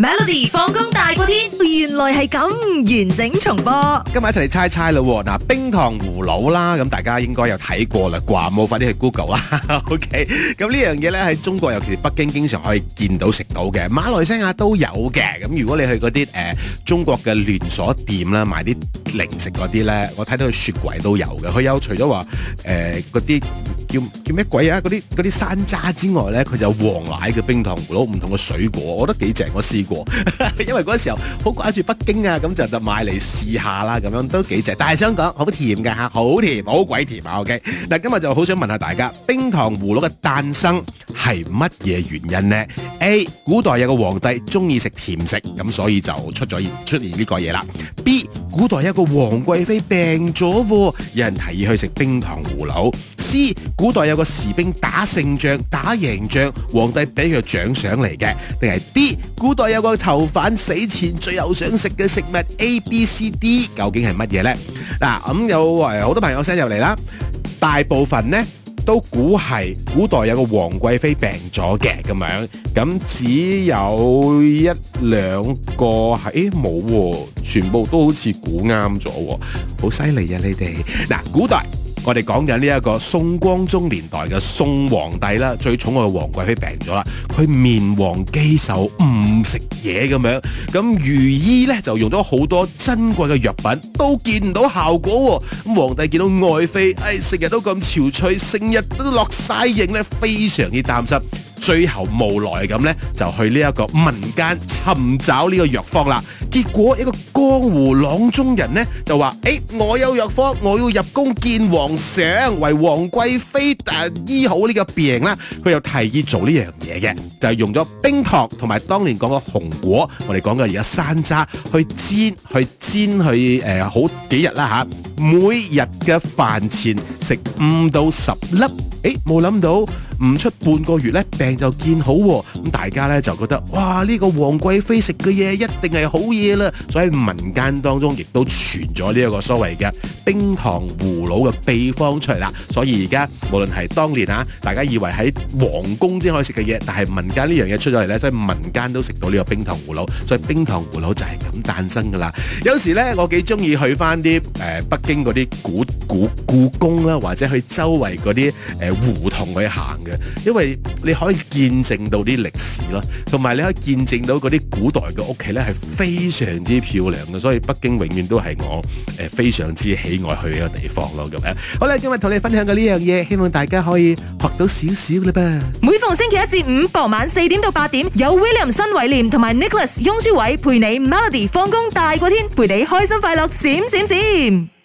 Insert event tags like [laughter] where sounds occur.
Melody 放工大過天，原來係咁完整重播。今日一齊嚟猜猜咯，嗱，冰糖葫蘆啦，咁大家應該有睇過啦啩，冇快啲去 Google 啦 [laughs] ，OK。咁呢樣嘢呢，喺中國，尤其是北京，經常可以見到食到嘅。馬來西亞都有嘅。咁如果你去嗰啲誒中國嘅連鎖店啦，買啲零食嗰啲呢，我睇到佢雪櫃都有嘅。佢有除咗話誒嗰啲。呃叫叫咩鬼啊？嗰啲啲山楂之外呢，佢就有黃奶嘅冰糖葫蘆，唔同嘅水果，我覺得幾正。我試過， [laughs] 因為嗰時候好掛住北京啊，咁就就買嚟試下啦。咁樣都幾正，但係想講好甜嘅吓，好甜，好鬼甜啊。O K，嗱，今日就好想問一下大家，冰糖葫蘆嘅誕生係乜嘢原因呢？A，古代有個皇帝中意食甜食，咁所以就出咗出現呢個嘢啦。B，古代有個皇貴妃病咗，有人提議去食冰糖葫蘆。知古代有個士兵打勝仗、打贏仗，皇帝俾佢獎賞嚟嘅，定係 D？古代有個囚犯死前最後想食嘅食物 A、B、C、D，究竟係乜嘢呢？嗱，咁有誒好多朋友 send 入嚟啦，大部分呢都估係古代有個皇貴妃病咗嘅咁樣，咁只有一兩個係，欸、冇喎，全部都好似估啱咗，好犀利啊你哋嗱，古代。我哋講緊呢一個宋光宗年代嘅宋皇帝啦，最寵愛嘅皇貴妃病咗啦，佢面黃肌瘦，唔食嘢咁樣，咁御醫呢，就用咗好多珍貴嘅藥品，都見唔到效果。咁皇帝見到外妃，唉、哎，成日都咁憔悴，成日都落晒影呢，非常之擔心。最後無奈咁呢，就去呢一個民間尋找呢個藥方啦。結果一個江湖郎中人呢，就話：誒、欸，我有藥方，我要入宮見皇上，為皇貴妃誒醫好呢個病啦。佢又提議做呢樣嘢嘅，就係、是、用咗冰糖同埋當年講嘅紅果，我哋講嘅而家山楂去煎，去煎去誒、呃，好幾日啦吓，每日嘅飯前食五到十粒。誒、欸，冇諗到。唔出半個月呢，病就見好喎。咁大家呢，就覺得哇，呢、呢個皇貴妃食嘅嘢一定係好嘢啦。所以民間當中亦都傳咗呢一個所謂嘅冰糖葫蘆嘅秘方出嚟啦。所以而家無論係當年啊，大家以為喺皇宮先可以食嘅嘢，但係民間呢樣嘢出咗嚟呢，所以民間都食到呢個冰糖葫蘆，所以冰糖葫蘆就係咁誕生㗎啦。有時呢，我幾中意去翻啲誒北京嗰啲古古故宮啦，或者去周圍嗰啲誒胡同去行嘅因為你可以見證到啲歷史啦，同埋你可以見證到嗰啲古代嘅屋企咧係非常之漂亮嘅，所以北京永遠都係我誒非常之喜愛去嘅一個地方咯。咁樣好啦，今日同你分享嘅呢樣嘢，希望大家可以學到少少啦。噃，每逢星期一至五，傍晚四點到八點，有 William 新偉廉同埋 Nicholas 雍舒偉陪你 Melody 放工大過天，陪你開心快樂閃閃閃，閃閃閃。